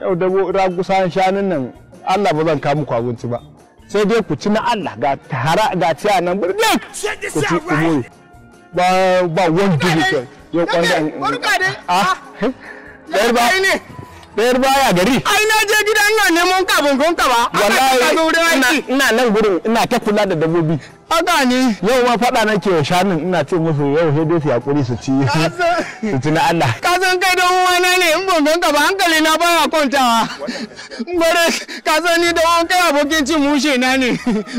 yau da ragusan shanun nan Allah ba zan ka muku abinci ba sai dai ku ci na Allah ga tara ga ciya nan birnik ku ci ku ba ba wani dubu yau kwanda a ah, ah, yarba ne ɗayar baya gari ai na je gidan nan neman kabin kun kaba. ba wallahi ina nan gurin ina ta kula da dabbobi haka ne yau ma faɗa nake wa shanun ina ce musu yau sai dai su yakuri su ci su ci na Allah ka san kai dan uwana ne in ban ganka ba hankali na baya kwantawa bare ka san ni da wani kai abokin cin mushe na ne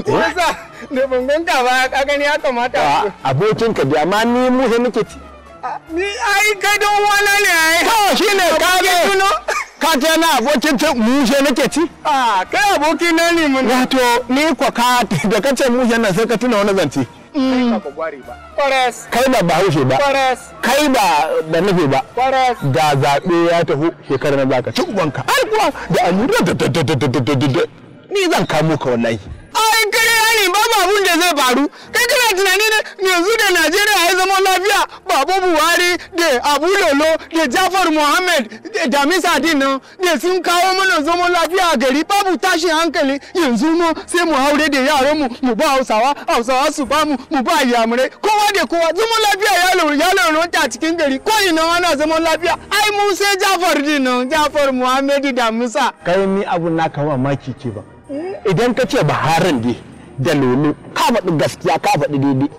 yasa da ban ganka ba ka gani ya kamata ah, abokin ka bi amma ni mushe nake ci ah, ni ai kai dan uwana ne ai ha shine ka ga ka ta na abokin ta mushe nake ci a kai aboki na ne mun wato ni kwa ka da kace mushe nan sai ka tuna wani zance kai ba haushe ba kai ba da nufi ba ga zaɓe ya taho shekarar na zaka ci ubanka ai kuwa da da ni zan kamo ka wallahi ai kare ne ba abun da zai faru tunani ne yanzu da najeriya ya zama lafiya baba buhari da abu lolo da jafar muhammed da damisa din nan da sun kawo mana zaman lafiya a gari babu tashin hankali yanzu mu sai mu haure da yaran mu mu ba hausawa hausawa su ba mu mu ba yamurai kowa da kowa zaman lafiya ya laluranta a cikin gari ko ina ana zaman lafiya ai mu sai jafar din nan jafar da damisa kai ni abun na kama maki ke ba idan ka ce baharin da lolo faɗi gaskiya ka faɗi daidai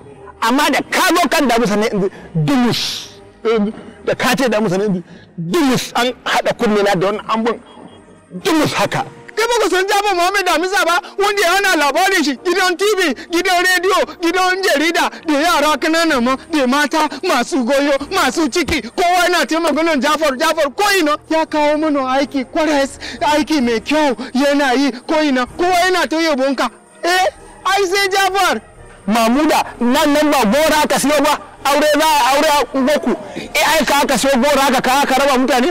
amma da ka zo kan damu sanai yanzu dumus eh, da ka ce damu sanai yanzu dumus an haɗa kunne na da wani ambun dumus haka kai ba ku san jaba Muhammad Damisa ba wanda ya hana labarin shi gidan TV gidan rediyo gidan jarida da yara kananan ma da mata masu goyo masu ciki kowa yana taimakon Jafar Jafar ko ina ya kawo mana aiki kwaras aiki mai kyau yana yi ko ina kowa yana ta yabonka eh ai sai jafar mamuda nan nan ba gora ka siyo ba aure za a aure a goku eh, ai ka aka siyo gora ka ka raba mutane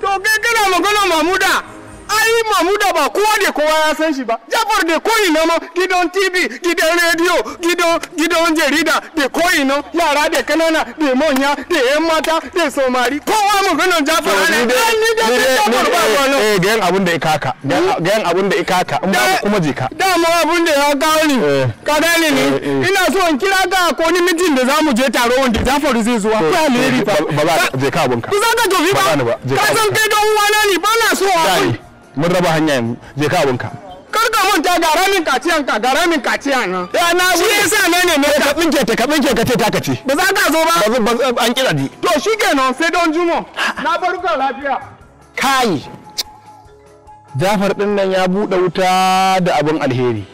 to kai kana magana mamuda ai mamuda ba kowa da kowa ya san shi ba jafar da ko ina ma gidan tv gidan rediyo gidan gidan jarida da ko ina yara da kanana da manya da yan mata da somari kowa gano jafar ana ni da jafar ba ne eh gayan ne da ne gayan ne da ne in ba kuma jika dama ne da ya kawo ni eh, ka ne ni eh, eh. ina so in kira ka ko ni mitin da zamu je taro wanda jafar zai zuwa ko alheri ne ba ne ka ne ka ne ku ne ne ne ba ka san kai ne uwana ne ba na so a mun raba hanya yanzu je ka abinka karka manta ga ramin kaciyan ka ga ramin kaciya na ya na shi yasa na ne ne ka tsinke ta ka tsinke ka ce ta kace ba za ka zo ba an kira di to shikenan sai don jumo na farko lafiya kai Jafar din nan ya buɗe wuta da abin alheri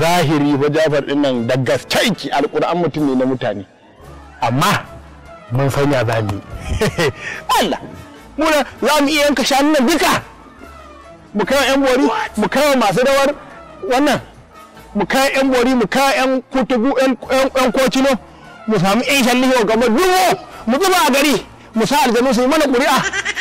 zahiri ba Jafar din nan da gaskaiki alƙur'an mutum ne na mutane amma mun sanya zami Allah muna za mu iya yanka shanun duka mu kawo yan bori mu kawo masu rawar wannan mu kawo yan bori mu kawo yan kutubu yan kocino mu samu yan shalliho gaba duwo mu zuba a gari mu sa aljanu su yi mana ƙuri'a